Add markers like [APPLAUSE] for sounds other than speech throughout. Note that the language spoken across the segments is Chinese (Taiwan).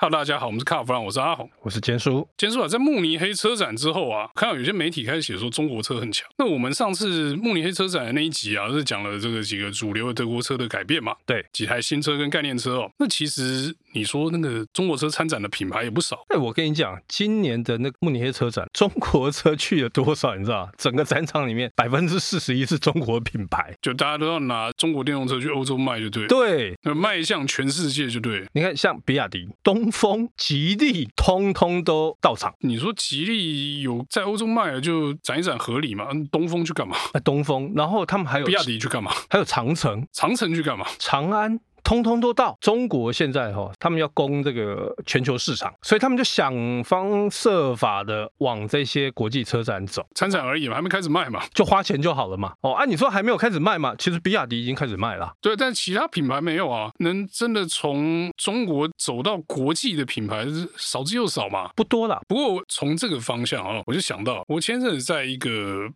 哈嘍，大家好，我們是卡夫蘭，我是阿紅，我是堅叔。堅叔啊，在慕尼黑車展之後啊，看到有些媒體開始寫說中國車很強。那我們上次慕尼黑車展的那一集啊，是講了這個幾個主流的德國車的改變嘛？對，幾台新車跟概念車哦。那其實你說那個中國車參展的品牌也不少。哎，我跟你講，今年的那個慕尼黑車展，中國車去了多少？你知道？整個展場裡面百分之四十一是中國品牌，就大家都要拿中國電動車去歐洲賣，就對了，對，那賣向全世界，就對了。你看，像比亞迪東。東風、吉利通通都到場。你說吉利有在歐洲賣，就展一展合理嘛？東風去幹嘛？東風，然後他們還有比亞迪去幹嘛？還有長城，長城去幹嘛？長安。通通都到中國現在哈、哦，他們要攻這個全球市場，所以他們就想方設法的往這些國際車展走，參展而已嘛，還沒開始賣嘛，就花錢就好了嘛。哦，啊，你說還沒有開始賣嘛？其實比亞迪已經開始賣了。對，但其他品牌沒有啊，能真的從中國走到國際的品牌少之又少嘛，不多了。不過從這個方向啊，我就想到，我前陣子在一個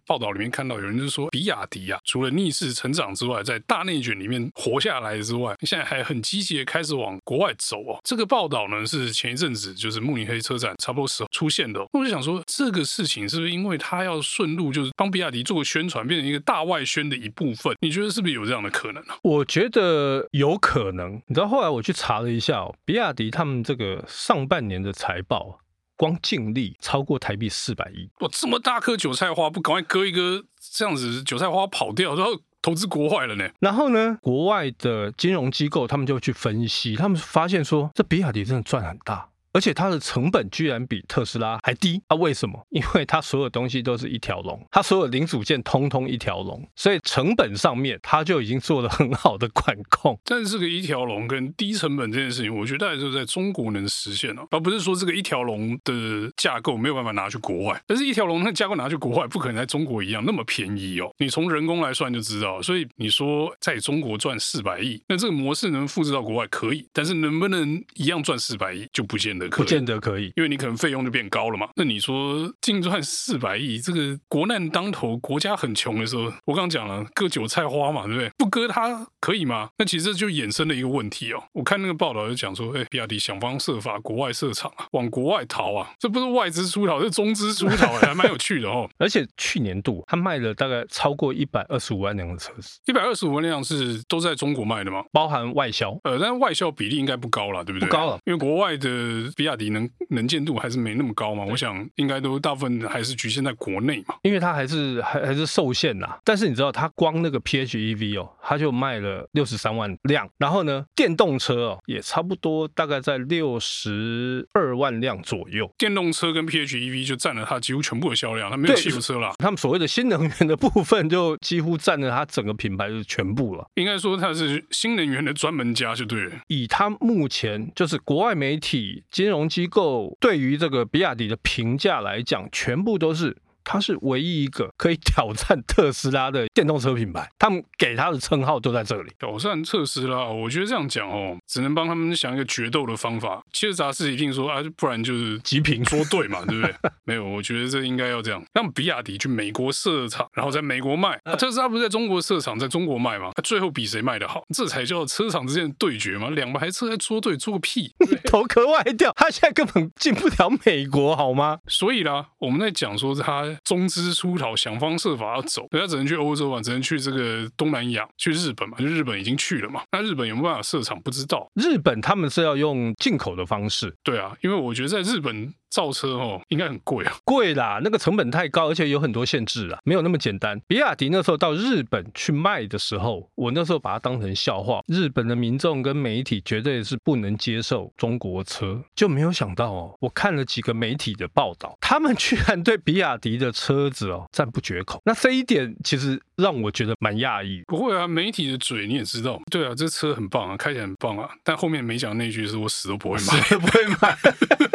報道裡面看到，有人就說，比亞迪啊，除了逆勢成長之外，在大內卷裡面活下來之外，現在還很積極的開始往國外走哦，這個報道呢是前一陣子就是慕尼黑車展差不多時候出現的、哦，我就想說這個事情是不是因為他要順路就是幫比亞迪做宣傳，變成一個大外宣的一部分？你覺得是不是有這樣的可能啊？我覺得有可能。你知道後來我去查了一下、哦，比亞迪他們這個上半年的財報，光淨利超過台幣四百億，哇，這麼大顆韭菜花不趕快割一割，這樣子韭菜花跑掉，然後。投資國外了呢，然後呢，國外的金融機構他們就去分析，他們發現說，這比亞迪真的賺很大。而且它的成本居然比特斯拉還低，那、啊、為什麼？因為它所有東西都是一條龍，它所有零組件通通一條龍，所以成本上面它就已經做了很好的管控。但是這個一條龍跟低成本這件事情，我覺得大概就是在中國能實現哦，而不是說這個一條龍的架構沒有辦法拿去國外。但是一條龍的架構拿去國外不可能在中國一樣那麼便宜哦，你從人工來算就知道。所以你說在中國賺四百億，那這個模式能複製到國外可以，但是能不能一樣賺四百億就不見得。可不見得可以，因為你可能費用就變高了嘛。那你說淨賺四百億，這個國難當頭，國家很窮的時候，我剛講了割韭菜花嘛，對不對？不割它可以嗎？那其實這就衍生了一個問題哦。我看那個報道就講說，哎、欸，比亞迪想方設法國外設廠啊，往國外逃啊，這不是外資出逃，是中資出逃，還蠻有趣的哦。 [LAUGHS] 而且去年度他賣了大概超過一百二十五萬輛的車子，一百二十五萬輛是都在中國賣的嗎？包含外銷？呃，但外銷比例應該不高了，對不對？不高了，啊，因為國外的。比亞迪能能見度還是沒那麼高嘛？對我想應該都大部分還是局限在國內嘛，因為它還是還還是受限啦，但是你知道，它光那個 PHEV 哦，它就賣了六十三萬輛，然後呢，電動車哦也差不多，大概在六十二萬輛左右。電動車跟 PHEV 就佔了它幾乎全部的銷量，它沒有汽油車，車啦，他們所謂的新能源的部分，就幾乎佔了它整個品牌的全部了。應該說它是新能源的專門家，就對了。以它目前就是國外媒體。金融機構對於這個比亞迪的評價來講，全部都是。他是唯一一個可以挑戰特斯拉的電動車品牌，他們給他的稱號都在這裡。挑戰特斯拉，我覺得這樣講哦、喔，只能幫他們想一個決鬥的方法。其實咱自己聽說啊，不然就是極品平說對嘛，對不對？ [LAUGHS] 沒有，我覺得這應該要這樣，讓比亞迪去美國設廠，然後在美國賣、嗯啊。特斯拉不是在中國設廠，在中國賣嘛、啊？最後比誰賣的好，這才叫車廠之間的對決嘛。兩排車在捉對，做個屁！ [LAUGHS] 你頭殼外掉，他現在根本進不了美國，好嗎？所以啦，我們在講說他。中資出逃，想方設法要走，人家只能去歐洲啊，只能去這個東南亞，去日本嘛，就日本已經去了嘛，那日本有沒有辦法設廠？不知道，日本他們是要用進口的方式。對啊，因為我覺得在日本，造車哦，應該很貴啊，貴啦，那個成本太高，而且有很多限制啊，沒有那麼簡單。比亞迪那時候到日本去賣的時候，我那時候把它當成笑話，日本的民眾跟媒體絕對是不能接受中國車，就沒有想到哦。我看了幾個媒體的報道，他們居然對比亞迪的車子哦讚不絕口，那這一點其實讓我覺得蠻訝異。不過啊，媒體的嘴你也知道。對啊，這車很棒啊，開起來很棒啊，但後面沒講那句是我死都不會買，死都不會買。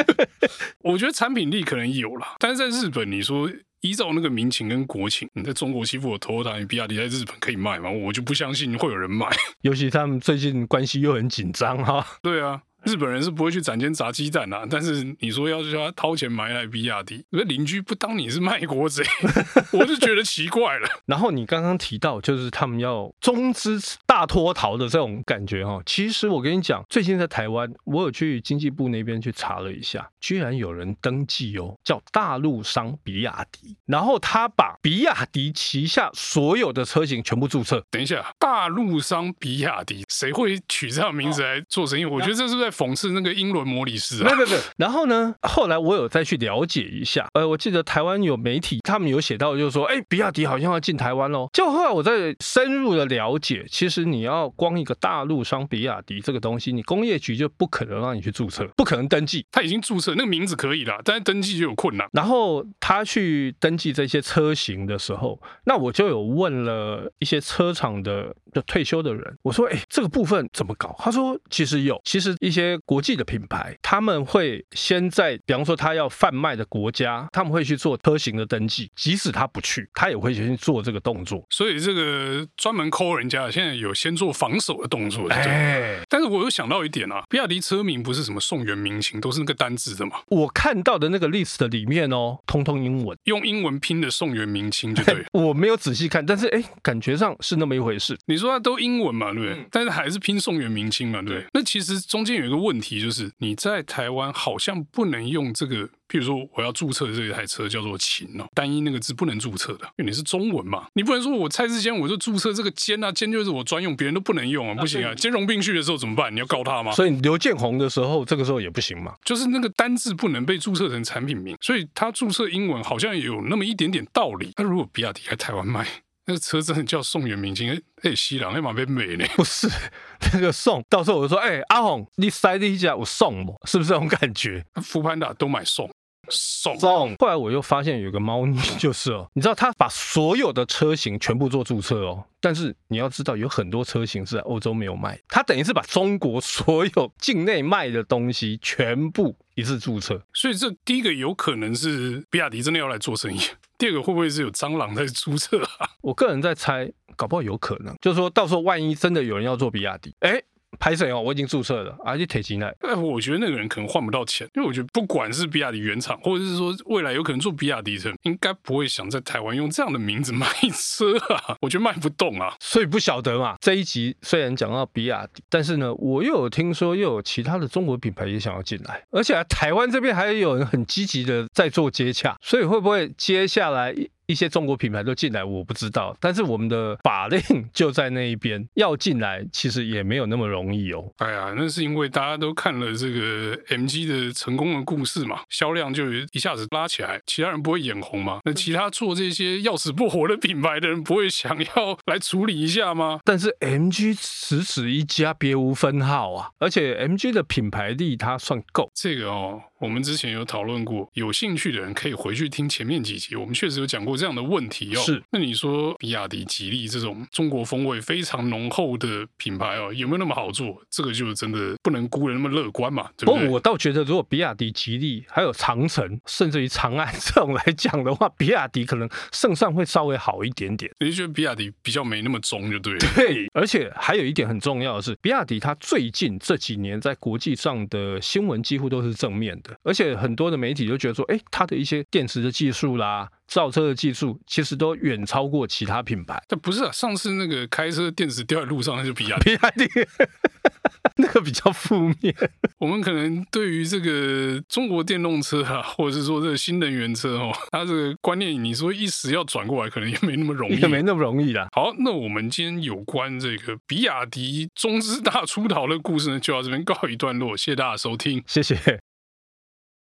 [LAUGHS] 我覺得產品力可能有了，但是在日本，你說依照那個民情跟國情，你在中國欺負我頭 o y 你比亞迪在日本可以賣嗎？我就不相信會有人買，尤其他們最近關係又很緊張哈、啊。對啊。日本人是不會去展間砸雞蛋吶、啊，但是你說要是他掏錢買來比亞迪，那鄰居不當你是賣國賊， [LAUGHS] 我就覺得奇怪了。 [LAUGHS] 然後你剛剛提到，就是他們要中資大脫逃的這種感覺哈、哦。其實我跟你講，最近在台灣，我有去經濟部那邊去查了一下，居然有人登記哦，叫大陸商比亞迪，然後他把比亞迪旗下所有的車型全部注冊。等一下，大陸商比亞迪，誰會取這樣名字來做生意？哦、我覺得這是，是在。諷刺那個英倫摩理士啊！ [LAUGHS] 沒有沒有。然後呢，後來我有再去了解一下，呃，我記得台灣有媒體他們有寫到，就是說，誒、欸、比亞迪好像要進台灣嘍。就後來我再深入的了解，其實你要光一個大陸商比亞迪這個東西，你工業局就不可能讓你去注冊，不可能登記。他已經注冊那個名字可以啦，但是登記就有困難。然後他去登記這些車型的時候，那我就有問了一些車廠的，就退休的人，我說，誒、欸，這個部分怎麼搞？他說，其實有，其實一些國際的品牌，他們會先在，比方說他要販賣的國家，他們會去做車型的登記，即使他不去，他也會先去做這個動作。所以這個專門扣人家，現在有先做防守的動作，對、哎。但是我又想到一點啊，比亞迪車名不是什麼宋元明清都是那個單字的嘛。我看到的那個 list 裡面哦，通通英文，用英文拼的宋元明清就對。 [LAUGHS] 我沒有仔細看，但是哎，感覺上是那麼一回事。你說他都英文嘛，對不對？嗯，但是還是拼宋元明清嘛，對不對？那其實中間有一個問題，就是你在台灣好像不能用這個。譬如說，我要註冊的這一台車叫做“秦”哦，單一那個字不能註冊的，因為你是中文嘛，你不能說，我蔡志堅我就註冊這個“堅”啊，“堅”就是我專用，別人都不能用啊，不行啊！兼容並蓄的時候怎麼辦？你要告他嗎？所以劉建宏的時候，這個時候也不行嘛，就是那個單字不能被註冊成產品名，所以他註冊英文好像也有那麼一點點道理啊。那如果比亞迪在台灣賣那個車，真的叫“宋元明清”，哎哎，西朗立馬被美呢不是那個“宋”，到時候我就說：“哎，阿紅，你塞的一家我送嘛，是不是這種感覺？”福潘達都買宋。爽、啊。後來我又發現有個貓膩，就是哦、喔，你知道他把所有的車型全部做注冊哦，但是你要知道有很多車型是在歐洲沒有賣，他等於是把中國所有境內賣的東西全部一次注冊。所以這第一個有可能是比亞迪真的要來做生意，第二個會不會是有蟑螂在注冊啊？我個人在猜，搞不好有可能，就是說到時候萬一真的有人要做比亞迪，欸。排水哦，喔、我已經注冊了，而且挺進來。哎，我覺得那個人可能換不到錢，因為我覺得不管是比亞迪原廠，或者是說未來有可能做比亞迪車，應該不會想在台灣用這樣的名字賣車啊。我覺得賣不動啊，所以不曉得嘛。這一集雖然講到比亞迪，但是呢，我又有聽說又有其他的中國品牌也想要進來，而且台灣這邊還有人很積極的在做接洽，所以會不會接下來一些中國品牌都進來，我不知道。但是我們的法令就在那一邊，要進來其實也沒有那麼容易哦。哎呀，那是因為大家都看了這個 MG 的成功的故事嘛，銷量就一下子拉起來。其他人不會眼紅嘛？那其他做這些要死不活的品牌的人，不會想要來處理一下嗎？但是 MG 只此一家，別無分號啊！而且 MG 的品牌力它算夠這個哦。我們之前有討論過，有興趣的人可以回去聽前面幾集，我們確實有講過這樣的問題哦。是，那你說比亞迪、吉利這種中國風味非常濃厚的品牌哦，有沒有那麼好做？這個就真的不能過於那麼樂觀嘛，對不對？不過，我倒覺得，如果比亞迪、吉利還有長城，甚至於長安這種來講的話，比亞迪可能勝算會稍微好一點點。你是覺得比亞迪比較沒那麼中，就對了。對，而且還有一點很重要的是，比亞迪它最近這幾年在國際上的新聞幾乎都是正面的。而且很多的媒體都覺得說，哎，它的一些電池的技術啦，造車的技術，其實都遠超過其他品牌。但不是啊，上次那個開車電池掉在路上，那就比亞迪，比亞迪 [LAUGHS] 那個比較負面。 [LAUGHS] 我們可能對於這個中國電動車啊，或者是說這個新能源車哦，它這個觀念，你說一時要轉過來，可能也沒那麼容易，也沒那麼容易的。好，那我們今天有關這個比亞迪中資大出逃的故事呢，就到這邊告一段落。謝謝大家收聽，謝謝。